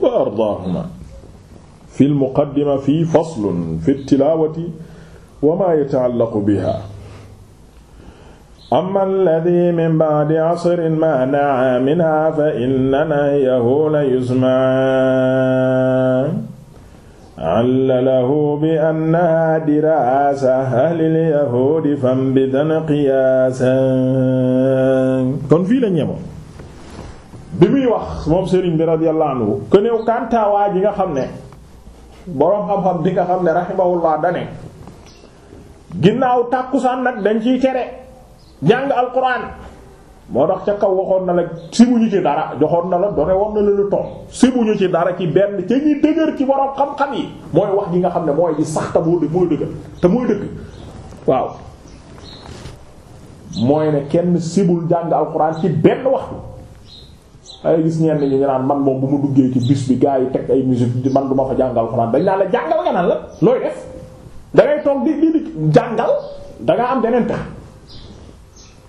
wa ardaahuma fi lmuqaddima fi faslun fi tilaawati wa maa yataallaqu biha amma alladhi min ba'di asrin mana'a minha fa inna nahyahu la yusma'a allalahu bi annaha dirasa ahlil yahudi fam bidan qiyaasa kon fii la ñemoon bi muy wax moom sëriñ bi radiyallahu anhu que néew kantawaa ji nga xam ne boroom xam-xam bi nga xam ne rahimahullah dane ginnaaw tàkkusaan nag dañ ciy tere jàng alquran moo tax ca kaw waxoon na la simuñu ci dara joxoon na la doone war na la lu toog simuñu ci dara ci benn ca ñuy dëgër ci boroom xam-xam yi mooy wax gi nga xam ne mooy di sax te boo dëgg mooy dëgg te mooy dëgg waaw mooy ne kenn simul jàng alquran ci benn waxtu ay gis ñenn ñi ñu naan man moom bu mu duggee ci bus bi gaa yi teg ay musique man du ma fa jàngal xuraan dañ naan la jàngal nga naan la looy def da ngay toog di di jàngal da am beneen tax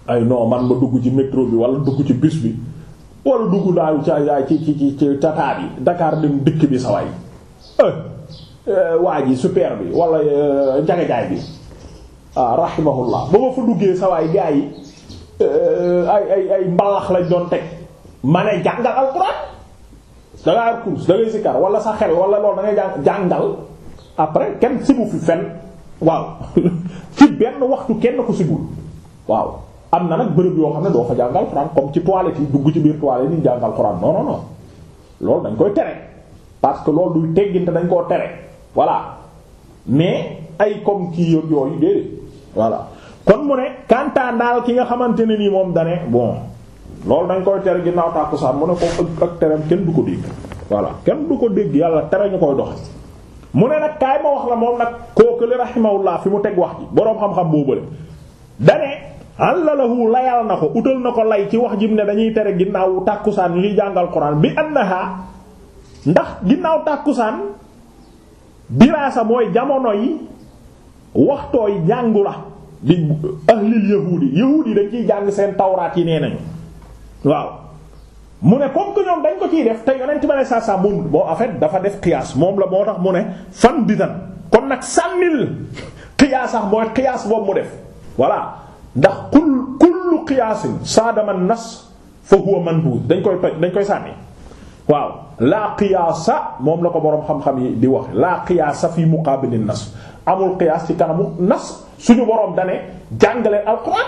ay non man ma dugg ci métro bi wala dugg ci bis bi wala dugg daayu ci ci ci ci tataar yi Dakar dem dikk bi sa waay eh, eh, waa ji super bi wala eh, jaga-jaay bi ah ba ma fa duggee sawaay gaa yi ay ay ay lañ doon teg ma ne jàngal alxuraan da ngaa yor course da ngay wala sa xel wala loolu da ngay jàng jàngal après kenn sibu fi fen waaw ci benn waxtu kenn ko sibul waaw am na nag bërëb yoo xam ne doo fa jàngal alxuraan comme ci toilette yi dugg ci biir toilette yi jàngal alxuraan non non non loolu dañ koy tere parce que loolu duy tegginte dañ koo tere voilà mais ay comme kii yooyu déedéet voilà kon mu ne kantaan daal ki nga xamante ne nii moom dane bon. loolu dañ koy tere ginnaaw tàkkusaan mu ne ko ak teram kenn du ko dégg voilà kenn du ko dégg yàlla tere ñu koy doxe mu ne nag kaay ma wax la moom nag kooku li rahimahullah fi mu teg wax ji boroom xam-xam boobale dane allalahu layal na ko utal na ko lay ci wax jim ne dañuy tere ginnaaw tàkkusaan ñuy jàngal quran bi annaha ndax ginnaaw tàkkusaan diraasa mooy jamono yi waxtooy jàngu la di ahlil yahuudi yahuudi dañ ciy jàng seen tawraat yi nee nañu waaw mu ne comme que ñoom dañ ko ciy def te yonent ma ne saa saa moom boo en fait dafa def qiyaas moom la moo tax mu ne fan bi tan kon nag sànnil qiyaas ax mooy qiyaas boobu mu def voilà ndax kul kullu qiyaasin saadama nas fa huwa manbud dañ koy toj dañ koy sànni waaw laa qiyaasa moom la ko boroom xam-xam yi di wax laa qiyaasa fi muqaabilin nas amul qiyaas ci kanamu nas suñu boroom dane jàngale alquran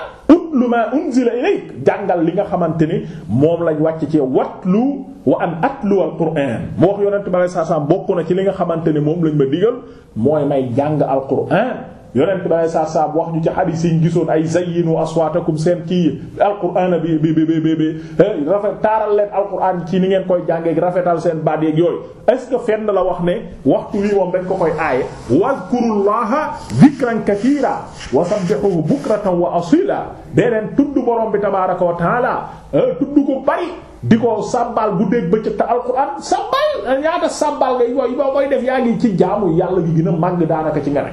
lu ma unzila ilayk jàngal li nga xamante ni moom lañ wàcc ci watlu wa an atlu alquran moo wax yonent bi sallallahu alayhi wasallam bokk na ci li nga xamante ni moom lañ ma digal mooy may jàng alquran yonent bi saa saa wax ñu ci xadiis yi ñu ay zayyinu aswaatakum seen kii alquraan bi bi bi bi eh, rafet taaral leen alquraan ci ni ngeen koy jàngee rafetal seen baat yeeg yooyu est-ce que fenn la wax ne waxtu wi moom dañ ko koy aaye wazkurullaha dhikran kathiira wa sabbihuhu bukratan wa asila dee leen tudd borom bi tabaaraka wa taala eh, tudd ko bari di ko sàbbal bu dégg bëccëg te alquraan sàbbal eh, ñaata sàbbal ngay yooyu boo koy def yaa ngi ci jaamu yàlla gi gën a daanaka ci nga ne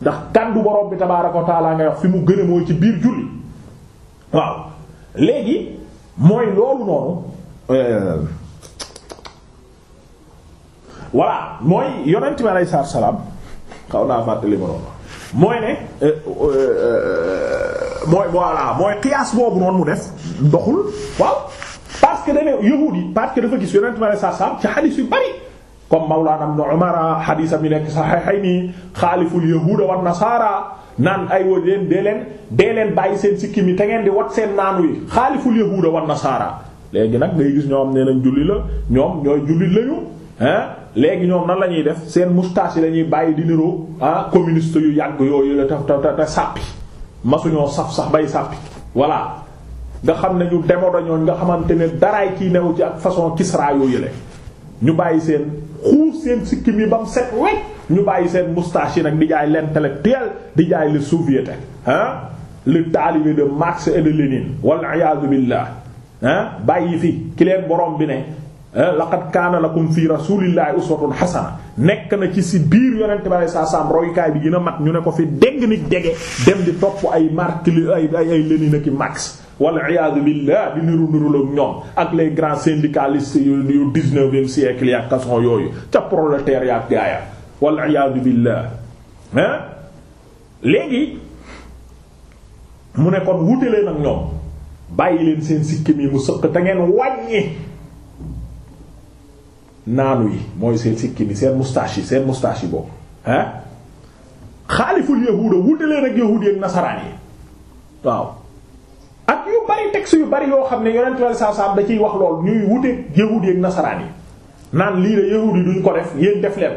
ndax kàddu borom bi tabaaraka wa taala ngay wax fi mu gën a mooy ci biir julli waaw léegi mooy loolu noonu euh, voilà mooy yonent bi alayhi salaatu salaam naa fàttali mooy ne euh, euh, mooy voilà mooy qiyaas boobu noonu mu def doxul waaw parce que dañu yi parce dafa gis yonent bi alayhi salaatu salaam ci xadiis yu bari comme Mawlana ibn Umar xadiisam yi nekk Sahihayni xaaliful yahuuda wan nasaara naan ay wa leen dee leen dee leen bàyyi seen sikkim yi te ngeen di wat seen naanu yi xaaliful yahuuda wan nasaara léegi nag ngay gis ñoom nee nañ julli la ñoom ñooy jullit lañu ah léegi ñoom nan la ñuy def seen moustache yi la ñuy bàyyi di niroo ah communiste yu yàgg yooyu la ta ta te sàppi masuñoo saf sax bay sàppi voilà nga xam ne ñu demodo ñooñ nga xamante ne daraay kii newu ci ak façon Kisra yoo yële ñu bàyyi seen xuuf seen sikkim yi ba mu set wecc ñu bàyyi seen moustache yi nag di jaay l'intellectuel di jaay le soviétique ah le talibé de bàyyi fi ki leen borom bi ne laqad kaana la lakum fi rasulillahi uswatun hasana nekk na ci si biir yonente bi sa saa salaam bi gën a mat ñu ne ko fi dégg nit dege dem di topp ay Marx ay ay Lénine ak wal iyaadu billah di niru niru la ñoom ak les grands syndicalistes yu dix-neuvième siècle yaa yooyu ca prolétaire yaa gaaya wal iyaadu billah hein léegi mu ne kon wute leen ak ñoom bàyyi leen seen sikkim yi mu sëq te ngeen wàññi naanu yi mooy seen sikkim yi seen moustache seen moustache boobu hein xaaliful yahuuda wute leen ak yahuudi ak nasaraan yi waaw ak yu bari texte yu bari yoo xam ne yonent bi saa saa da ciy wax lool ñuy wuteeg yahuud yi ak nasaraan yi naan lii de yahuud yi duñ ko def yéen def leen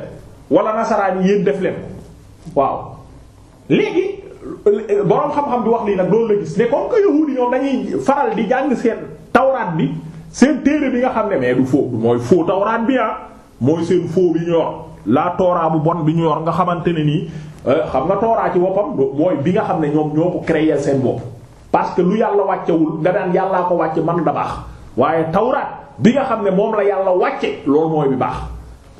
wala nasaraan yi yéen def leen waaw. léegi boroom xam-xam bi wax lii nag loolu la gis ne comme que yahuud ñoom dañuy faral di jàng seen tawraat bi seen téere bi nga xam ne mais du faux mooy faux tawraat bi ah mooy seen faux bi ñu tooraa bu bon bi ñu yor nga xamante ne nii eh, xam nga tooraa ci boppam mooy bi nga xam ne ñoom ñoo ko créer seen bopp. parce que lu yàlla wàccewul nga daan yàllaa ko wàcce man da baax waaye tawraat bi nga xam ne moom la yàlla wàcce loolu mooy bi baax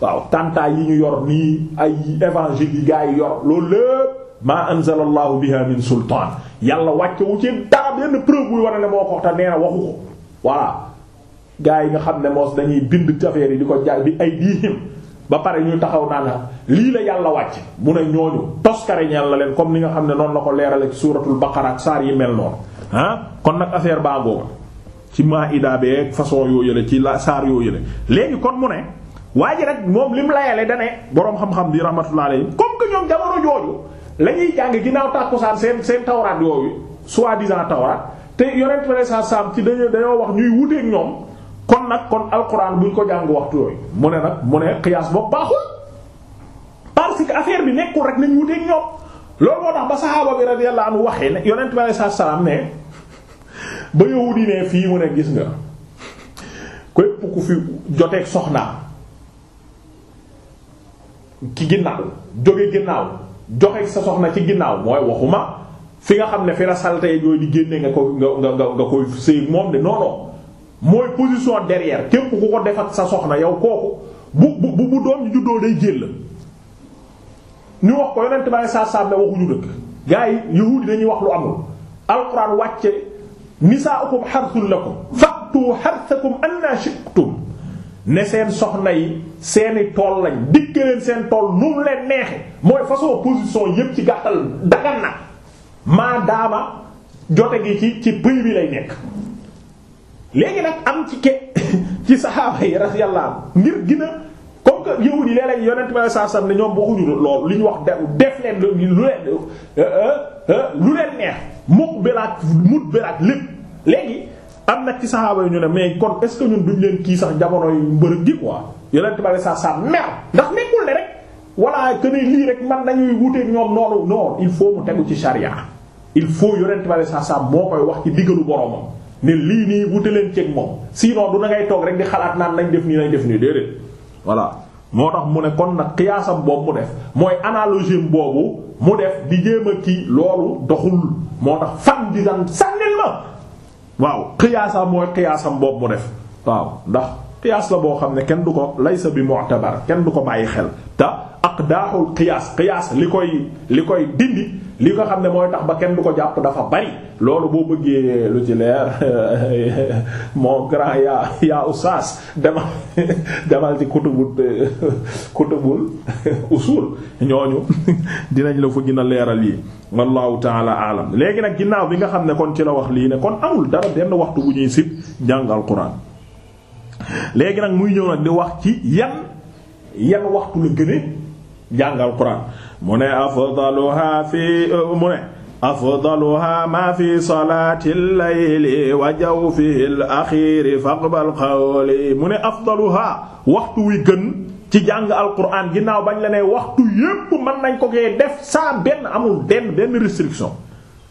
waaw tàntaay yi ñu yor nii ay évangile yi gaa yi yor loolu lépp maa anzala bi biha min sultaan yàlla wàccewu ci dara benn preuve buy wane ne moo ko te nee na waxu ko voilà gaa yi nga xam ne moos dañuy bind affaire yi di ko jaal bi ay diihim ba pare ñu taxaw naan lii la yàlla wàcc mu ne ñooñu toskare ñeel na leen comme ni nga xam ne noonu la ko leerale ci suuratul baqara ak saar yi mel noonu ah kon nag affaire baa ngooga ci maa ida beeg façon yoo ci la saar yooyu yële léegi kon mu ne waa ji rek moom li boroom xam bi rahmatullah alayhi comme que ñoom jamono jooju jàng ginnaaw tàkkusaan seen seen tawraat yooyu soi-disant tawraat te yonent bi sallallahu alayhi wasallam ci dañoo dañoo wax ñuy wuteeg ñoom kon nag kon alquran buñ ko jàng yooyu mu ne nag mu ne qiyaas boobu baaxul parce que affaire bi nekkul rek nañ wuteeg ñoom loolu moo tax ba saxaaba bi radiyallahu anhu waxee ne yonent bi alayhi salaam ne ba yahudi ne fii mu ne gis nga képp ku fi joteeg soxnaam ci ginnaaw jóge sa soxna ci ginnaaw mooy waxuma fi nga xam ne fi la salte yooyu di génne nga ko nga nga nga koy sëy moom de non mooy position derrière képp ku ko def ak sa soxna yow kooku bu bu bu doon ñu juddoo day la ñu wax ko yonent ba saa saa ne waxuñu dëkk gaa yi yahuudi dañuy wax lu amul alxuraan wàcce nisaa'ukum harthun lakum fa'tu harthakum anna shi'tum ne seen soxna yi seeni tool lañ dikk leen seen tool nu mu leen neexe mooy façon position yëpp ci gàttal dagan na maadaama jote gi ci ci pëy bi lay nekk léegi nag am ci ke ci saxaaba yi radiyallahu ngir gën a comme que yow di léeg-léeg yonent ma saa sam ne ñoom waxuñu loolu li ñu wax def leen lu leen euh, euh, euh, lu leen neex mukk belaat mut belaat lépp léegi am nag ci saxaaba yi ñu ne mais kon est que ñun duñ leen kii sax jamono yu mbërëg gi quoi yonent ma saa sam mer ndax nekkul ne rek walla que ne lii rek man nañuy wuteeg ñoom noonu non il faut mu tegu ci charia il faut yonent ma saa sam moo koy wax ci diggalu boromam. ne lii nii wute leen ceeg moom sinon du na ngay toog rek di xalaat naan nañ def nii nañ def nii déedéet voilà moo tax mu ne kon nag qiyaasam boobu mu def mooy analogie boobu mu def di jéem a kii loolu doxul moo tax fan di daan sànnil ma waaw qiyaasam mooy qiyaasam boobu mu def waaw ndax qiyaas la boo xam ne kenn du ko laysa bi mu'tabar kenn du ko bàyyi xel te aqdaahul qiyaas qiyaas li koy li koy dindi li nga xam ne mooy tax ba kenn du ko jàpp dafa bari loolu boo bëggee lu ci leer mon grand yaa yaa oustaz demal demal ci kutubul kutubul usul ñooñu dinañ la fa gën a leeral yi wallahu taala alam léegi nag ginnaaw bi nga xam ne kon ci la wax lii ne kon amul dara benn waxtu bu ñuy sib jàng alquran léegi nag muy ñëw nag di wax ci yan yan waxtu la gëne jàng alquran mu ne afdaluha fi mu ne afdaluha ma fi salaati llayli wa jawfihi l axiri faqbal qawli mu ne afdaluha waxtu wi gën ci jàng alquran ginnaaw bañ la ne waxtu yépp mën nañ ko koy def saa benn amul benn benn restriction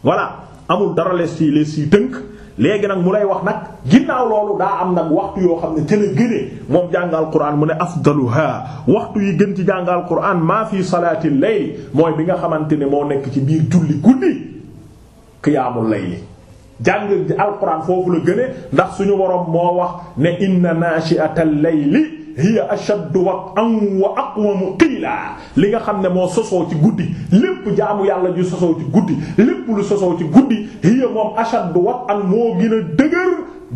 voilà amul dara les si les si tënk léegi nag mu lay wax nag ginnaaw loolu daa am nag waxtu yoo xam ne te la gënee moom jàngal quraan mu ne afdaluha waxtu yi gën ci jàngal quraan maa fi salaati layl mooy bi nga xamante ne moo nekk ci biir julli guddi qiyaamul layli jàng alquran foofu la gënee ndax suñu boroom moo wax ne inna nashi'atal layli hiya ashaddu waq'an wa aqwamu qiila li nga xam ne moo sosoo ci guddi lépp jaamu yàlla ju sosoo ci guddi lépp lu sosoo ci guddi hiya moom ashaddu waq'an moo gën a dëgër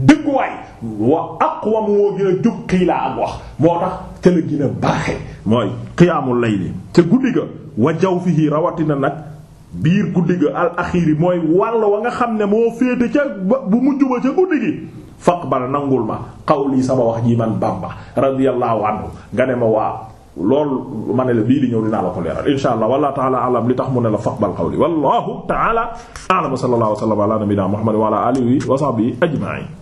dëgguwaay wa aqwam moo gën a jub qiila ak wax moo tax ca la gën a baaxe mooy qiyaamul layli ca guddi ga wa jawfihi rawatina nag biir guddi ga al mooy wàll wa nga xam ne moo féete ca bu mujj ba ca guddi gi faqbal nangul ma qawli sama wax ji man Bamba radiyallahu anhu nga ne ma waaw loolu ma ne la bii di ñëw dinaa la ko leeral insha allah wallahu taala alam li tax mu ne la faqbal qawli wallahu taala alam sallallahu alayhi wa sallam ala nabina muhammad wa ala alihi wa sahbihi ajma'in